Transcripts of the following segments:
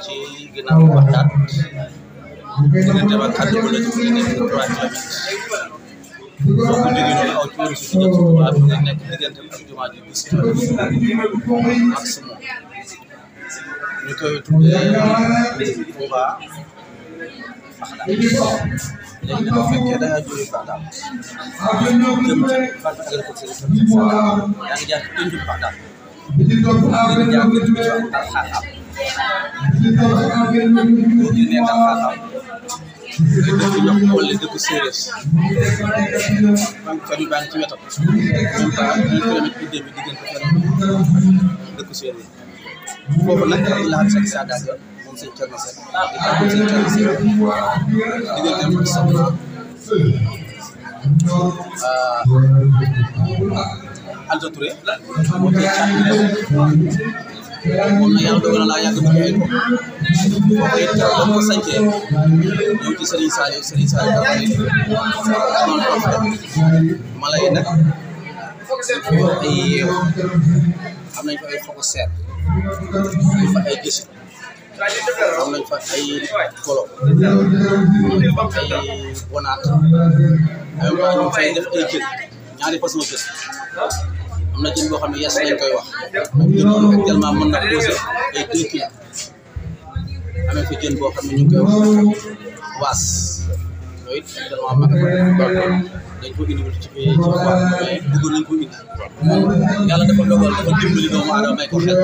ci ginnaaw waxtaan diggante ba xarit bu nekk ci nekk 3 kilomètres boobu léegi noonu aw tuur si ñu ci Tuubaa bi nga nekk diggante ak jumaa ji gis maximum ñu koy tuddee Tuubaa léegi nag bu fekkee da ngaa jógee Baxdaad jëm ca Fatou Seye ko Seye Seye yaa ngi jaar ci Tundu Baxdaad yaa ngi jaar di nekkal xaatam dañ ko jox wala dëkk séeréer man fenn baa ngi ci wetam même pas un kilomètre bi dégg diggante fenn dëkk séeréer foofu nag laaj sax saagaat moom seen coono sax di tàmbali seen coono sax diggante am sax Aldo Touré moo koy càmm kon nag yàlla dogal na laa yàgg bu ñëwee kooku it ba mu ko sañcee ñëw ci Serigne Saliou Serigne Saliou dafa lay noonu toog ma lay nag nañ fa ay fokk seet am fa ay gis kolo am nañ fa ay bonaat am nañ fa ay def ay jël ñaari façon am na jën boo xam ne yas lañ koy wax actuellement mën na poser ay deux kilos amee fi jën boo xam ne ñu ngi koy wax waas yooyu actuellement ma dañ ko indiwul ci ci waa mais bëgg nañ ko indi yàlla dafa dogal dafa dimbali ko xel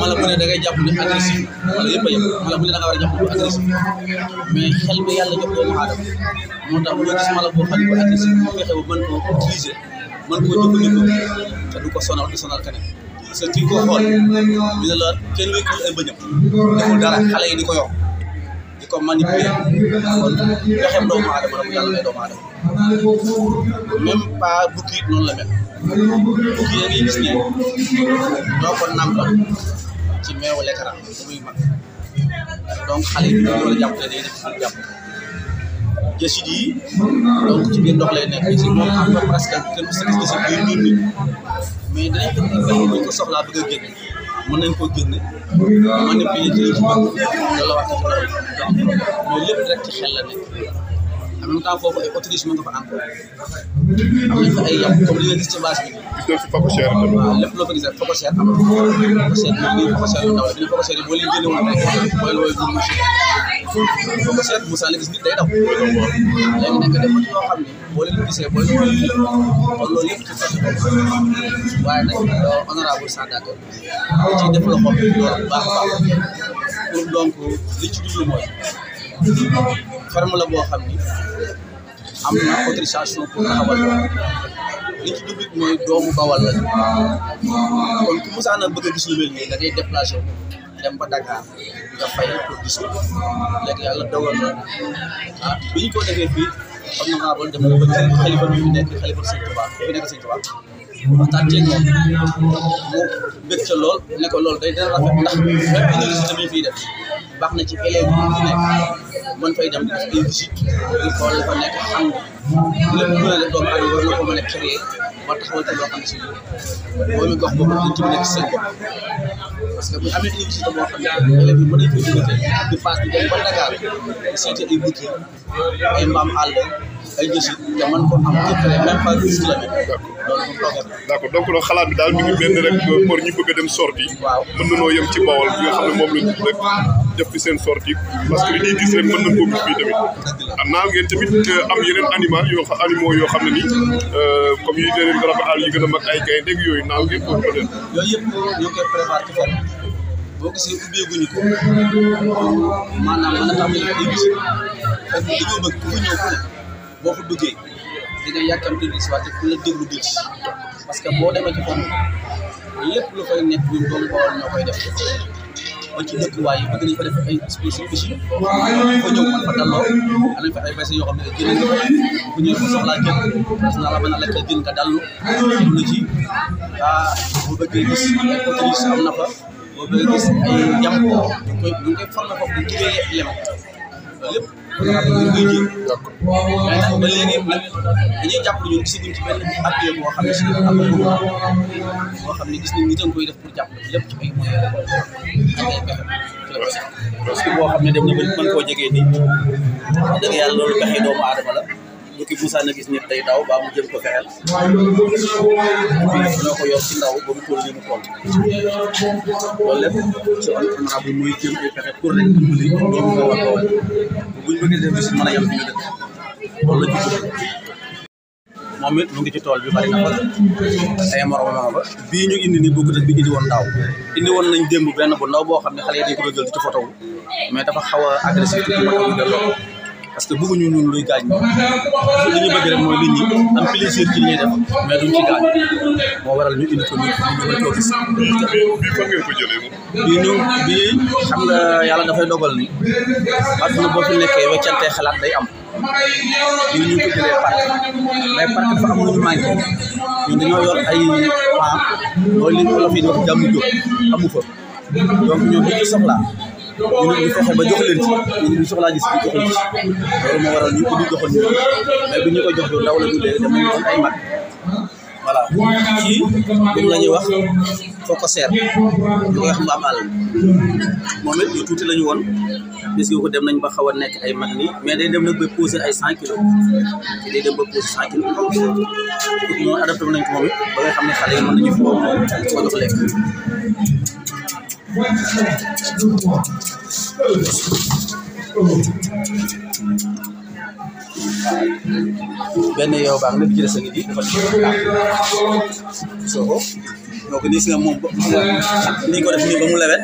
mala mu ne da ngay jàpp ne agressif mala yëpp a yem mu ne da nga war a jàpp ne agressif mais xel bi yàlla jox doomu aadama moo tax loo gis mala boo xam ne mu fexe ba mën ko utiliser mën ko jëfandikoo te du ko sonal du sonal keneen parce que kii koo xool ñu ne la kenn wékkul ay bëñam deful dara xale yi di ko yor di ko manipuler kon pexeem doomu aadama la mu yàlla may doomu aadama même pas bukki it noonu la mel bukki ya ngi gis ne ñoo ko nàmpal ci meewu lekkaram muy mag donc xale yi ñu war a jàpp te day def jàpp jësit yi donc ci biir ndox lay nekk ci moom am na presque kenn ku si gis jësit biir biir mën nañ koo génne manipuler ci ci bopp loolu la wax ci bopp lépp rek ci xel la nekk en même temps foofu ay autorisme nga fa am nañ fa ay gis ci fokk cher la. waaw fokk cher am na fokk cher bi fokk la bi ne fokk cher yi boo leen génne woon fu mu seet Moussa nit day daw léegi nag def ci loo xam ne boo leen gisee booy kon loolu yëpp ci sa waaye nag honorable Sandaga da ciy def loxo loolu baax a baax pour donc li ci jublu mooy ferme la boo xam ni am na autorisation pour taxawal li ci dugg mooy doomu bawal la kon ku Moussa na bëgg a gis mel nii da ngay déplacé dem ba Dakar nga fay pour gis ko léegi yàlla dogal na ah bi ñu ko defee fii xam nga maa ba dem ba xalifa bi nekk xalifa sëñ Tuubaa bi nekk sëñ lool ne ko day dana rafet ndax même université bi ñu fiy def baax na ci élèves yi fi nekk fay dem def ay visite di fa nekk xam lépp mën a def doomu aadama war na ko mën a créer ba taxawal ci loo xam ne si mboolem gox boobu dañ ci mën a gis seen bopp parce que bu amee université boo xam ne élèves yi mën nañ ko jógee di paas di dem ba Dakar seeti ko am ci même pas dix kilomètres d'accord donc loolu xalaat bi daal mi ngi benn rek pour ñi bëgg a dem sorti mën na yem ci Bawol bi moom la ñu rek def fi seen sortie parce que li ñuy gis rek mën nañ koo fii tamit am naa tamit euh, am yeneen animal yoo xam animaux yoo xam ne nii euh, comme yi leen garab yi gën a mag ay gaynde ak yooyu naaw ngeen ko peut-être. yooyu yëpp ñoo koy prévoir ci fan boo gisee ubbeeguñu na tax ñu parce que dañoo bëgg boo fa duggee dina yàkkamti gis waate ku la déglu dégg parce demee ci fan lépp koy def. ba ci dëkkuwaay yi bëgg nañ fa def ay spécifications fa ñëw man fa dalloo anañ fa ay yoo xam ne jëlee nga bu ñëw fa soxlaa jën parce que naa la mën a lekk jën nga dallu lu ci ah bu bëggee gis ay autorités am na ñu ngi ji mais nag ba léegi nag dañuy jàpp ñun gis nañ ci benn appui boo xam ne si am na xam ne gis nañ ñu doon koy def pour jàpp lépp ci ay moyens ak parce que boo xam ne dem na ba mën koo jegee nii wax dëgg yàlla loolu pexe doomu la bu ki Moussa na gis nit day daw baa mu jëm ko fexeel ñoo ko yor ci ndaw ba mu toll nii mu toll loolu lépp ci entreprenariat bi pour rek dimbali loolu nga war doole a yem fi ñu dëkk la ci moom it mu ngi ci tool bi bari na fa ay moromam nga fa bii ñu indi ni bokkut ak bi indi woon ndaw indi woon nañ démb benn bu ndaw boo xam ne xale yi dañ ko doon jël di ci photo mais dafa xaw a agressif tuuti ba tax ñu delloo parce que bëgguñu ñun luy gaañ li ñu bëgg rek mooy nit am plaisir ci li ñuy mais duñ ci gaañ moo waral ñu indi ko ñu ñu ko gis. bii fan yàlla dafay dogal ni àdduna boo fi nekkee weccantee xalaat day am. bii ñu ko jëlee parc mais parc dafa am lu ñu ñun dañoo yor ay paa loolu li ñu ko la fi wax jàmm jóg amu fa donc ñun bu ñu ñun ñu fexe ba jox leen ci ñun ñu soxlaa gis ñu jox leen ci loolu mais bu ñu ko jox loolu ndaw la ñu dee dama ñu doon ay mag voilà kii moom la ñuy wax foko seer ñu koy wax mbaamaal moom it ñu tuuti la ñu woon bis ko dem nañ ba xaw a nekk ay mat nii mais day dem na ba posé ay cent kilos te day dem ba posé cent kilos pour noonu adapté nañ ko moom it ba nga xam ne xale yi mën nañu foo moom ko jox lekk One more, good one. Good. benn yow baax a ngi nii dafa soo si nga moom ni ko def nii ba mu lewet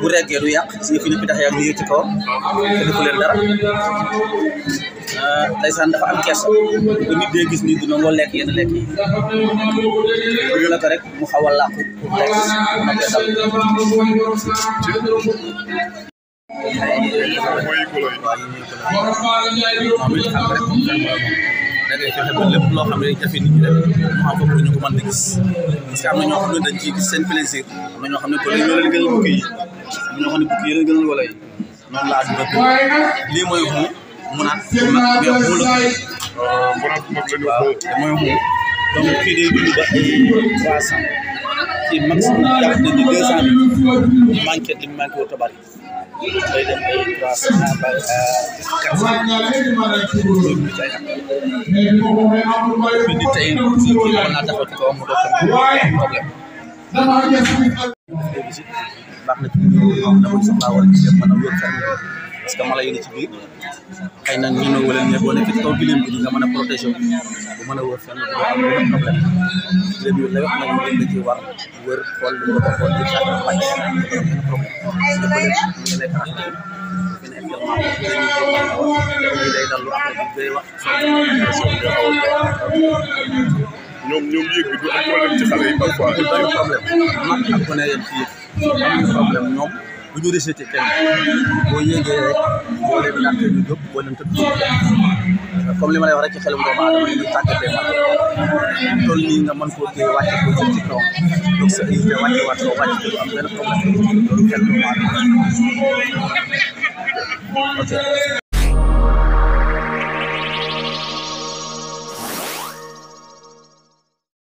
bu reggee du yàq si nga fi ne pitax yaa ngi yëg ci kaw te defu leen dara euh, ndeysaan dafa am kersa bu nit dee gis nii dina ngoo lekk yenn lekk yi bu la rek mu xaw a da ngay fexe ba lépp loo xam ne jafe nit ñi rek mu xam foog ñu ko mën di gis parce que am na ñoo xam ne dañ ciy gis seen plaisir am na ñoo xam ne ko ñoo leen gënal bukki yi am na ñoo xam ne bukki yi leen gënal wala yi noonu laa dund lii mooy xu munaat munaat mais xu la waaw mooy xu donc kii day dund ba trois cent ci maximum jàpp nañ ni deux cent mille manqué li mu manqué wu tabax yi day dem ay trois cent ba euh, quatre cent loolu bi day am bi ni tey si kii mën naa taxaw ci kawam mu doon problème léegi si baax na ci ñu xam na mu soxlaa wala ci mën a wér parce que mala yi ngi ci biir xëy na ñu ne wala ne boo nekk ci kaw gileem bi nga mën a protéger a wër fenn du am benn problème gileem di problème ñu bu ñu rejeté kenn boo yéegee rek boo leen dàq ñu jóg boo leen tëdd euh, comme li ma lay wax rek ci xelum doomu aadama ñu tàggatee ma toll nii nga man foo téye wàcce ko jël ci kaw donc sa unité wàcce wàcce ko wàcce ko am benn problème ok